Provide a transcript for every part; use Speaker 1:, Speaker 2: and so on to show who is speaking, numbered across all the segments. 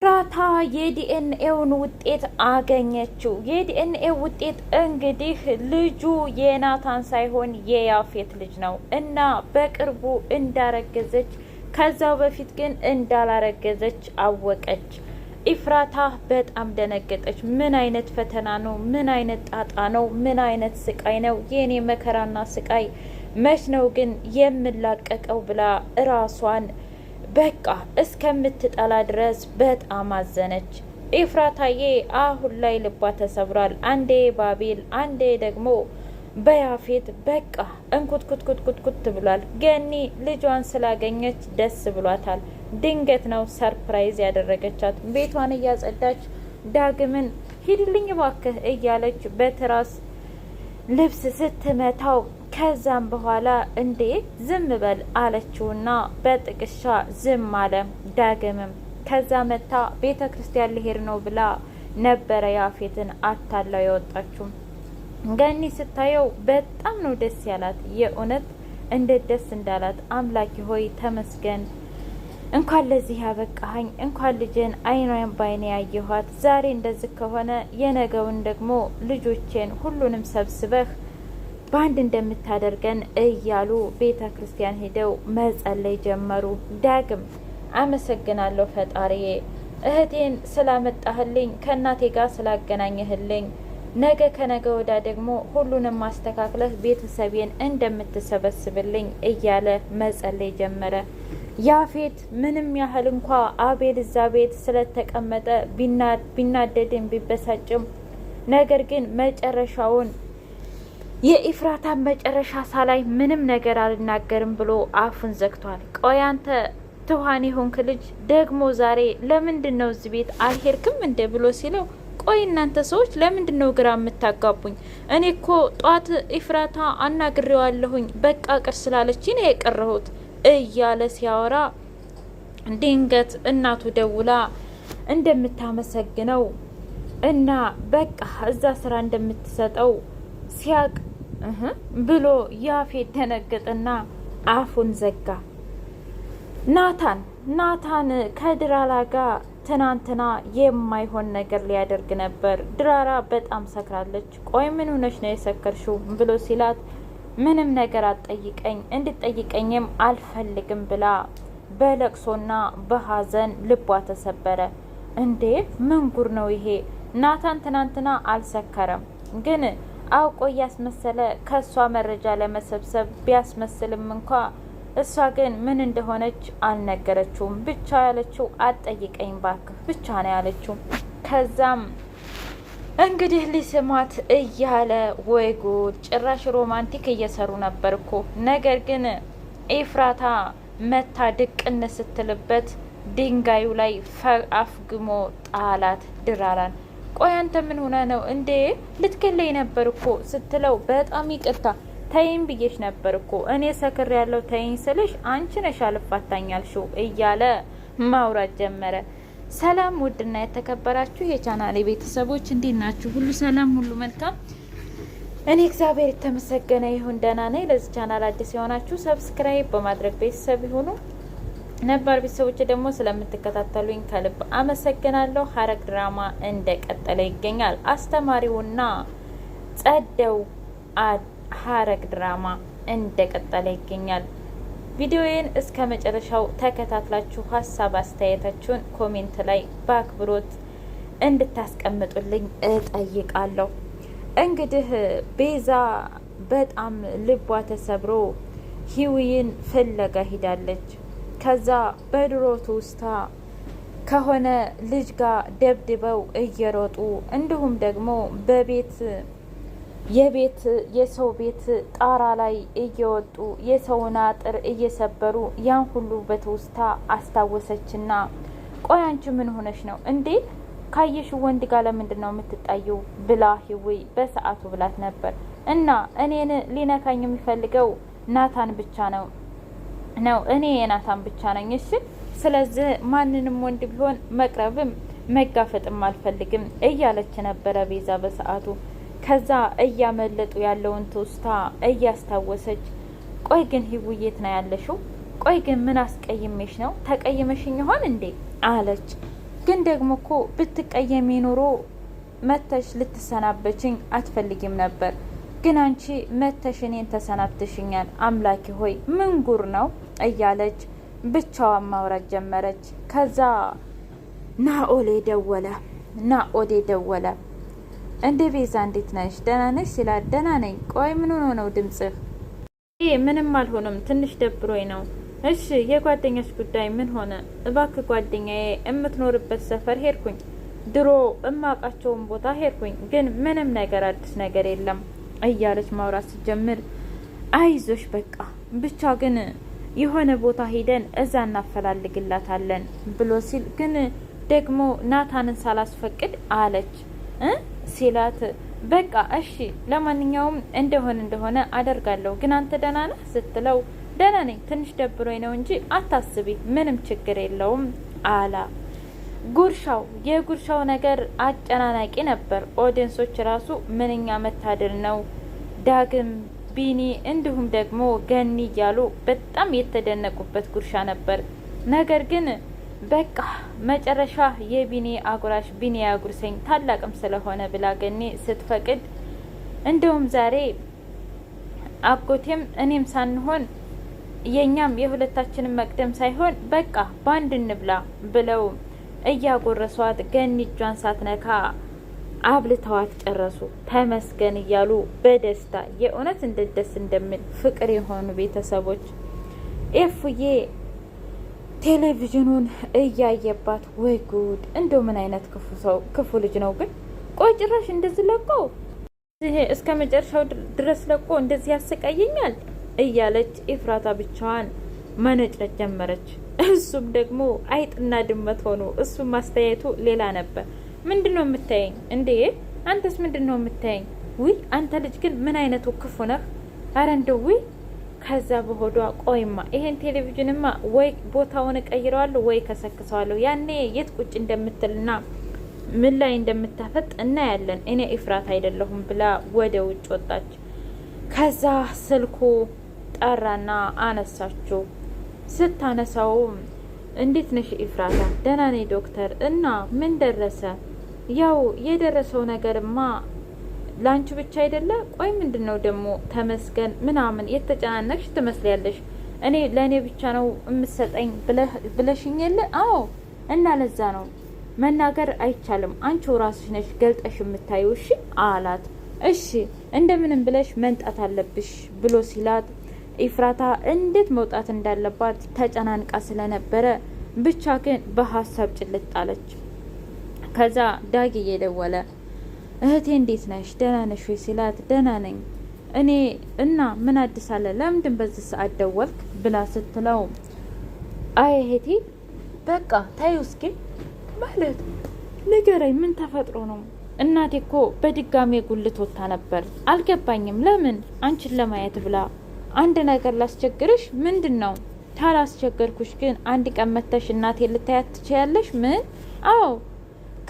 Speaker 1: ኤፍራታ የዲኤንኤውን ውጤት አገኘችው። የዲኤንኤ ውጤት እንግዲህ ልጁ የናታን ሳይሆን የያፌት ልጅ ነው እና በቅርቡ እንዳረገዘች ከዛው በፊት ግን እንዳላረገዘች አወቀች። ኢፍራታ በጣም ደነገጠች። ምን አይነት ፈተና ነው? ምን አይነት ጣጣ ነው? ምን አይነት ስቃይ ነው? የእኔ መከራና ስቃይ መች ነው ግን የምላቀቀው? ብላ እራሷን በቃ እስከምትጠላ ድረስ በጣም አዘነች። ኤፍራታዬ አሁን ላይ ልቧ ተሰብሯል። አንዴ ባቤል አንዴ ደግሞ በያፌት በቃ እንኩትኩትኩትኩት ብሏል። ገኒ ልጇን ስላገኘች ደስ ብሏታል። ድንገት ነው ሰርፕራይዝ ያደረገቻት። ቤቷን እያጸዳች ዳግምን ሂድልኝ ባክህ እያለች በትራስ ልብስ ስትመታው ከዛም በኋላ እንዴ ዝም በል አለችውና በጥቅሻ ዝም አለ። ዳግምም ከዛ መታ ቤተ ክርስቲያን ልሄድ ነው ብላ ነበረ ያፌትን አታላው የወጣችው። ገኒ ስታየው በጣም ነው ደስ ያላት። የእውነት እንዴት ደስ እንዳላት አምላኪ ሆይ ተመስገን፣ እንኳን ለዚህ ያበቃኸኝ፣ እንኳን ልጄን አይኗን ባይኔ ያየኋት። ዛሬ እንደዚህ ከሆነ የነገውን ደግሞ ልጆቼን ሁሉንም ሰብስበህ በአንድ እንደምታደርገን እያሉ ቤተ ክርስቲያን ሄደው መጸለይ ጀመሩ። ዳግም አመሰግናለሁ ፈጣሪዬ፣ እህቴን ስላመጣህልኝ፣ ከእናቴ ጋር ስላገናኘህልኝ፣ ነገ ከነገ ወዳ ደግሞ ሁሉንም ማስተካክለህ ቤተሰቤን እንደምትሰበስብልኝ እያለ መጸለይ ጀመረ። ያፌት ምንም ያህል እንኳ አቤል እዛ ቤት ስለተቀመጠ ቢናደድም ቢበሳጭም ነገር ግን መጨረሻውን የኢፍራታ መጨረሻ ሳላይ ምንም ነገር አልናገርም ብሎ አፉን ዘግቷል። ቆይ አንተ ትኋን የሆንክ ልጅ ደግሞ ዛሬ ለምንድን ነው እዚህ ቤት አልሄድክም እንደ ብሎ ሲለው ቆይ እናንተ ሰዎች ለምንድን ነው ግራ የምታጋቡኝ? እኔ እኮ ጧት ኢፍራታ አናግሬዋለሁኝ በቃ ቅር ስላለች ነው የቀረሁት እያለ ሲያወራ ድንገት እናቱ ደውላ እንደምታመሰግነው እና በቃ እዛ ስራ እንደምትሰጠው ሲያቅ ብሎ ያፌት ደነገጠና አፉን ዘጋ። ናታን ናታን ከድራራ ጋር ትናንትና የማይሆን ነገር ሊያደርግ ነበር። ድራራ በጣም ሰክራለች። ቆይ ምን ሆነሽ ነው የሰከርሽው? ብሎ ሲላት ምንም ነገር አትጠይቀኝ እንድትጠይቀኝም አልፈልግም ብላ በለቅሶና በሀዘን ልቧ ተሰበረ። እንዴ ምን ጉር ነው ይሄ? ናታን ትናንትና አልሰከረም ግን አውቆ እያስመሰለ ከእሷ መረጃ ለመሰብሰብ ቢያስመስልም እንኳ እሷ ግን ምን እንደሆነች አልነገረችውም። ብቻ ያለችው አጠይቀኝ ባክህ ብቻ ነው ያለችው። ከዛም እንግዲህ ሊስማት እያለ ወይ ጉድ! ጭራሽ ሮማንቲክ እየሰሩ ነበር እኮ። ነገር ግን ኤፍራታ መታ ድቅን ስትልበት ድንጋዩ ላይ አፍግሞ ጣላት ድራላን። ቆይ አንተ ምን ሆነ ነው እንዴ? ልትገለኝ ነበር እኮ ስትለው በጣም ይቅርታ ተይኝ ብዬሽ ነበር እኮ እኔ ሰክር ያለው ተይኝ ስልሽ አንቺ ነሽ አልፋታኛልሽ እያለ ማውራት ጀመረ። ሰላም ውድና የተከበራችሁ የቻናሌ ቤተሰቦች እንዴት ናችሁ? ሁሉ ሰላም፣ ሁሉ መልካም እኔ እግዚአብሔር የተመሰገነ ይሁን ደህና ነኝ። ለዚህ ቻናል አዲስ የሆናችሁ ሰብስክራይብ በማድረግ ቤተሰብ ይሁኑ። ነባር ቤተሰቦች ደግሞ ስለምትከታተሉኝ ከልብ አመሰግናለሁ። ሐረግ ድራማ እንደቀጠለ ይገኛል። አስተማሪውና ጸደው ሐረግ ድራማ እንደ ይገኛል። ቪዲዮዬን እስከ መጨረሻው ተከታትላችሁ ሀሳብ አስተያየታችሁን ኮሜንት ላይ በአክብሮት እንድታስቀምጡልኝ እጠይቃለሁ። እንግዲህ ቤዛ በጣም ልቧ ተሰብሮ ሂዊን ፍለጋ ሂዳለች። ከዛ በድሮ ትውስታ ከሆነ ልጅ ጋር ደብድበው እየሮጡ እንዲሁም ደግሞ በቤት የቤት የሰው ቤት ጣራ ላይ እየወጡ የሰውን አጥር እየሰበሩ ያን ሁሉ በትውስታ አስታወሰችና፣ ቆይ አንቺ ምን ሆነሽ ነው እንዴ? ካየሽ ወንድ ጋር ለምንድን ነው የምትጣየው? ብላ ህዌ በሰዓቱ ብላት ነበር። እና እኔን ሊነካኝ የሚፈልገው ናታን ብቻ ነው ነው እኔ የናታን ብቻ ነኝ። እሺ ስለዚህ ማንንም ወንድ ቢሆን መቅረብም መጋፈጥም አልፈልግም እያለች ነበረ ቤዛ በሰዓቱ። ከዛ እያመለጡ ያለውን ትውስታ እያስታወሰች ቆይ ግን ሂቡዬት ነው ያለሽው? ቆይ ግን ምን አስቀይሜሽ ነው? ተቀይመሽኝ ይሆን እንዴ አለች። ግን ደግሞ እኮ ብትቀየሚ ኑሮ መተሽ ልትሰናበችኝ አትፈልጊም ነበር ግን አንቺ መተሽ እኔን ተሰናብትሽኛል። አምላኪ ሆይ ምን ጉር ነው እያለች ብቻዋን ማውራት ጀመረች። ከዛ ናኦሌ ደወለ ናኦዴ ደወለ። እንደ ቤዛ እንዴት ነሽ ደህና ነሽ ሲላት፣ ደህና ነኝ። ቆይ ምን ሆኖ ነው ድምጽህ? ይህ ምንም አልሆነም፣ ትንሽ ደብሮኝ ነው። እሺ የጓደኛሽ ጉዳይ ምን ሆነ? እባክህ ጓደኛዬ የምትኖርበት ሰፈር ሄድኩኝ። ድሮ እማውቃቸውን ቦታ ሄድኩኝ፣ ግን ምንም ነገር አዲስ ነገር የለም እያለች ማውራት ስትጀምር አይዞሽ በቃ ብቻ ግን የሆነ ቦታ ሄደን እዛ እናፈላልግላታለን ብሎ ሲል ግን ደግሞ ናታንን ሳላስፈቅድ አለች ሲላት በቃ እሺ ለማንኛውም እንደሆነ እንደሆነ አደርጋለሁ ግን አንተ ደህና ነህ ስትለው ደህና ነኝ ትንሽ ደብሮኝ ነው እንጂ አታስቢ ምንም ችግር የለውም አላ ጉርሻው የጉርሻው ነገር አጨናናቂ ነበር። ኦዲየንሶች ራሱ ምንኛ መታደል ነው ዳግም ቢኒ እንዲሁም ደግሞ ገኒ እያሉ በጣም የተደነቁበት ጉርሻ ነበር። ነገር ግን በቃ መጨረሻ የቢኒ አጉራሽ ቢኒ ያጉርሰኝ ታላቅም ስለሆነ ብላ ገኒ ስትፈቅድ፣ እንደውም ዛሬ አጎቴም እኔም ሳንሆን የእኛም የሁለታችንን መቅደም ሳይሆን በቃ በአንድ እንብላ ብለው እያጎረሷት ገኒ እጇን ሳትነካ አብልተዋት ጨረሱ። ተመስገን እያሉ በደስታ የእውነት እንዴት ደስ እንደሚል ፍቅር የሆኑ ቤተሰቦች። ኤፉዬ ቴሌቪዥኑን እያየባት ወይ ጉድ! እንደው ምን አይነት ክፉ ሰው ክፉ ልጅ ነው ግን። ቆይ ጭራሽ እንደዚህ ለቆ እስከ መጨረሻው ድረስ ለቆ እንደዚህ ያሰቃየኛል እያለች ኢፍራታ ብቻዋን መነጨት ጀመረች። እሱም ደግሞ አይጥና ድመት ሆኖ እሱም ማስተያየቱ ሌላ ነበር። ምንድን ነው የምታየኝ እንዴ? አንተስ ምንድን ነው የምታየኝ? ውይ አንተ ልጅ ግን ምን አይነቱ ክፉ ነህ? አረ እንደው ውይ። ከዛ በሆዷ ቆይማ ይሄን ቴሌቪዥንማ ወይ ቦታውን እቀይረዋለሁ ወይ ከሰክሰዋለሁ። ያኔ የት ቁጭ እንደምትልና ምን ላይ እንደምታፈጥ እናያለን። እኔ ኢፍራት አይደለሁም ብላ ወደ ውጭ ወጣች። ከዛ ስልኩ ጠራና አነሳችው። ስታነሳው እንዴት ነሽ ኢፍራታ? ደህና ነኝ ዶክተር። እና ምን ደረሰ? ያው የደረሰው ነገርማ ላንቺ ብቻ አይደለ። ቆይ ምንድን ነው ደግሞ ተመስገን ምናምን የተጨናነቅሽ ትመስልያለሽ። እኔ ለእኔ ብቻ ነው የምትሰጠኝ ብለሽኝ የለ? አዎ። እና ለዛ ነው መናገር አይቻልም። አንቺው ራስሽ ነሽ ገልጠሽ የምታየው። እሺ አላት። እሺ እንደምንም ብለሽ መንጣት አለብሽ ብሎ ሲላት ኢፍራታ እንዴት መውጣት እንዳለባት ተጨናንቃ ስለነበረ ብቻ ግን በሀሳብ ጭልጥ ጣለች። ከዛ ዳጊ እየደወለ እህቴ እንዴት ነሽ? ደህና ነሽ ወይ ሲላት ደህና ነኝ እኔ እና ምን አዲስ አለ? ለምንድን በዚህ ሰዓት ደወልክ? ብላ ስትለው አይ እህቴ በቃ ታዩ እስኪ ማለት ንገረኝ፣ ምን ተፈጥሮ ነው? እናቴ እኮ በድጋሜ ጉልት ወጥታ ነበር። አልገባኝም፣ ለምን አንቺን ለማየት ብላ አንድ ነገር ላስቸግርሽ። ምንድን ነው? ታላስቸገርኩሽ ግን አንድ ቀን መተሽ እናቴ ልታያት ትችያለሽ። ምን? አዎ።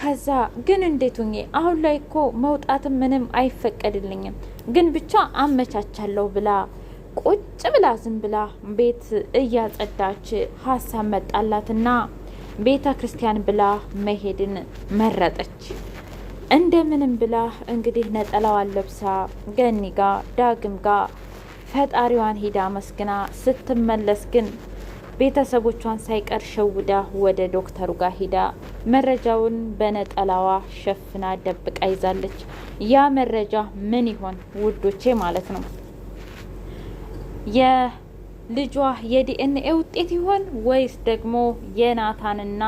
Speaker 1: ከዛ ግን እንዴት ሁኜ? አሁን ላይ እኮ መውጣትም ምንም አይፈቀድልኝም፣ ግን ብቻ አመቻቻለሁ ብላ ቁጭ ብላ ዝም ብላ ቤት እያጸዳች ሀሳብ መጣላትና ቤተ ክርስቲያን ብላ መሄድን መረጠች። እንደምንም ብላ እንግዲህ ነጠላዋን ለብሳ ገኒ ጋ ዳግም ጋ ፈጣሪዋን ሄዳ መስግና ስትመለስ ግን ቤተሰቦቿን ሳይቀር ሸውዳ ወደ ዶክተሩ ጋር ሂዳ መረጃውን በነጠላዋ ሸፍና ደብቃ ይዛለች። ያ መረጃ ምን ይሆን ውዶቼ ማለት ነው? የልጇ የዲኤንኤ ውጤት ይሆን ወይስ ደግሞ የናታንና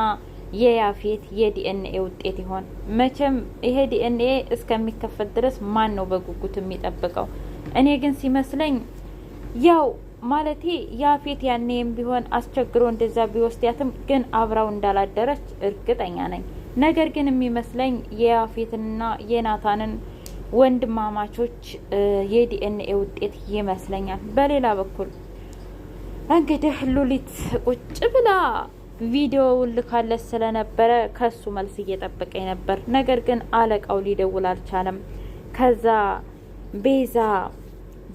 Speaker 1: የያፌት የዲኤንኤ ውጤት ይሆን? መቼም ይሄ ዲኤንኤ እስከሚከፈት ድረስ ማን ነው በጉጉት የሚጠብቀው? እኔ ግን ሲመስለኝ ያው ማለቴ ያፌት ያኔም ቢሆን አስቸግሮ እንደዛ ቢወስድያትም ግን አብራው እንዳላደረች እርግጠኛ ነኝ። ነገር ግን የሚመስለኝ የያፌትንና የናታንን ወንድማማቾች የዲኤንኤ ውጤት ይመስለኛል። በሌላ በኩል እንግዲህ ሉሊት ቁጭ ብላ ቪዲዮውን ልካለት ስለነበረ ከሱ መልስ እየጠበቀኝ ነበር። ነገር ግን አለቃው ሊደውል አልቻለም። ከዛ ቤዛ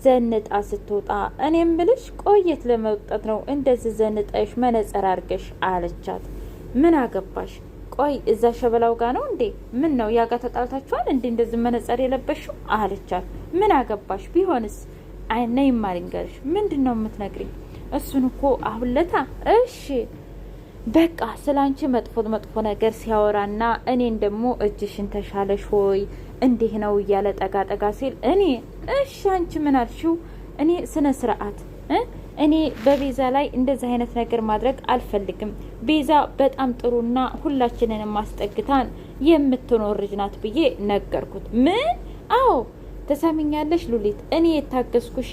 Speaker 1: ዘንጣ ስትወጣ እኔም ብልሽ ቆየት ለመውጣት ነው እንደዚህ ዘንጠሽ መነጸር አርገሽ አለቻት። ምን አገባሽ? ቆይ እዛ ሸበላው ጋ ነው እንዴ? ምን ነው ያጋ ተጣልታችኋል እንዴ? እንደዚህ መነጸር የለበሽው አለቻት። ምን አገባሽ? ቢሆንስ ነይማ ልንገርሽ። ምንድን ነው የምትነግሪኝ? እሱን እኮ አሁለታ እሺ በቃ ስለ አንቺ መጥፎ መጥፎ ነገር ሲያወራና እኔን ደግሞ እጅሽን ተሻለሽ ሆይ እንዲህ ነው እያለ ጠጋ ጠጋ ሲል እኔ እሺ አንቺ ምን አልሽው? እኔ ስነ ስርዓት እኔ በቤዛ ላይ እንደዚህ አይነት ነገር ማድረግ አልፈልግም። ቤዛ በጣም ጥሩና ሁላችንንም ማስጠግታን የምትኖር ልጅ ናት ብዬ ነገርኩት። ምን? አዎ ተሰሚኛለሽ ሉሊት፣ እኔ የታገስኩሽ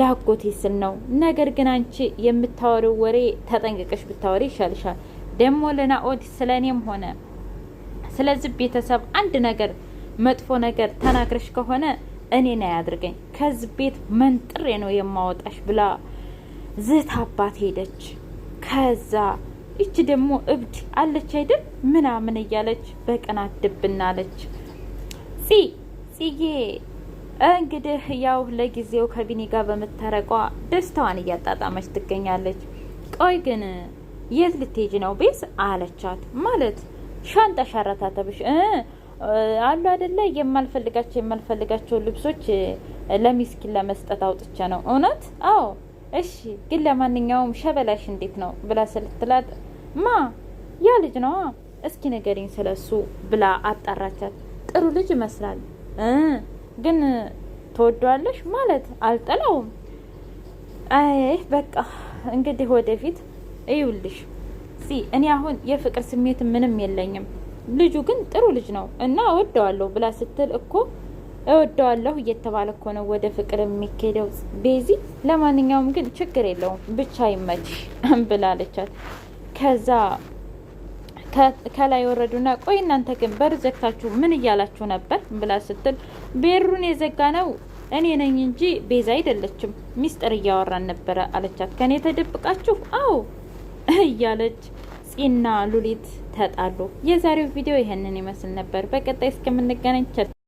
Speaker 1: ላጎቴ ስል ነው። ነገር ግን አንቺ የምታወሪው ወሬ ተጠንቅቀሽ ብታወሪ ይሻልሻል። ደግሞ ለናኦድ ስለ እኔም ሆነ ስለዚህ ቤተሰብ አንድ ነገር መጥፎ ነገር ተናግረሽ ከሆነ ና ያድርገኝ ከዚ ቤት መንጥሬ ነው የማወጣሽ ብላ ዝት አባት ሄደች። ከዛ ይቺ ደግሞ እብድ አለች አይደል ምናምን እያለች በቅናት አለች። ጺ ጽዬ እንግዲህ ያው ለጊዜው ከቢኒ ጋር በምታረቋ ደስታዋን እያጣጣመች ትገኛለች። ቆይ ግን የት ልትሄጂ ነው ቤዝ አለቻት። ማለት ሻንጣ ሻረታተብሽ አሉ አይደለ? የማልፈልጋቸው የማልፈልጋቸው ልብሶች ለሚስኪን ለመስጠት አውጥቼ ነው። እውነት? አዎ። እሺ፣ ግን ለማንኛውም ሸበላሽ እንዴት ነው ብላ ስልትላጥ ማ ያ ልጅ ነዋ፣ እስኪ ንገሪኝ ስለሱ ብላ አጣራቻት። ጥሩ ልጅ ይመስላል፣ ግን ትወደዋለሽ? ማለት አልጠላውም። አይ በቃ እንግዲህ ወደፊት እዩልሽ። እኔ አሁን የፍቅር ስሜት ምንም የለኝም ልጁ ግን ጥሩ ልጅ ነው እና እወደዋለሁ ብላ ስትል እኮ እወደዋለሁ እየተባለ እኮ ነው ወደ ፍቅር የሚካሄደው ቤዚ። ለማንኛውም ግን ችግር የለውም ብቻ ይመችሽ ብላለቻት። ከዛ ከላይ ወረዱና ቆይ እናንተ ግን በር ዘግታችሁ ምን እያላችሁ ነበር ብላ ስትል ቤሩን የዘጋ ነው እኔ ነኝ እንጂ ቤዛ አይደለችም፣ ሚስጥር እያወራን ነበረ አለቻት። ከእኔ ተደብቃችሁ? አዎ እያለች ፂና ሉሊት ተጣሉ። የዛሬው ቪዲዮ ይህንን ይመስል ነበር። በቀጣይ እስከምንገናኝ ቸር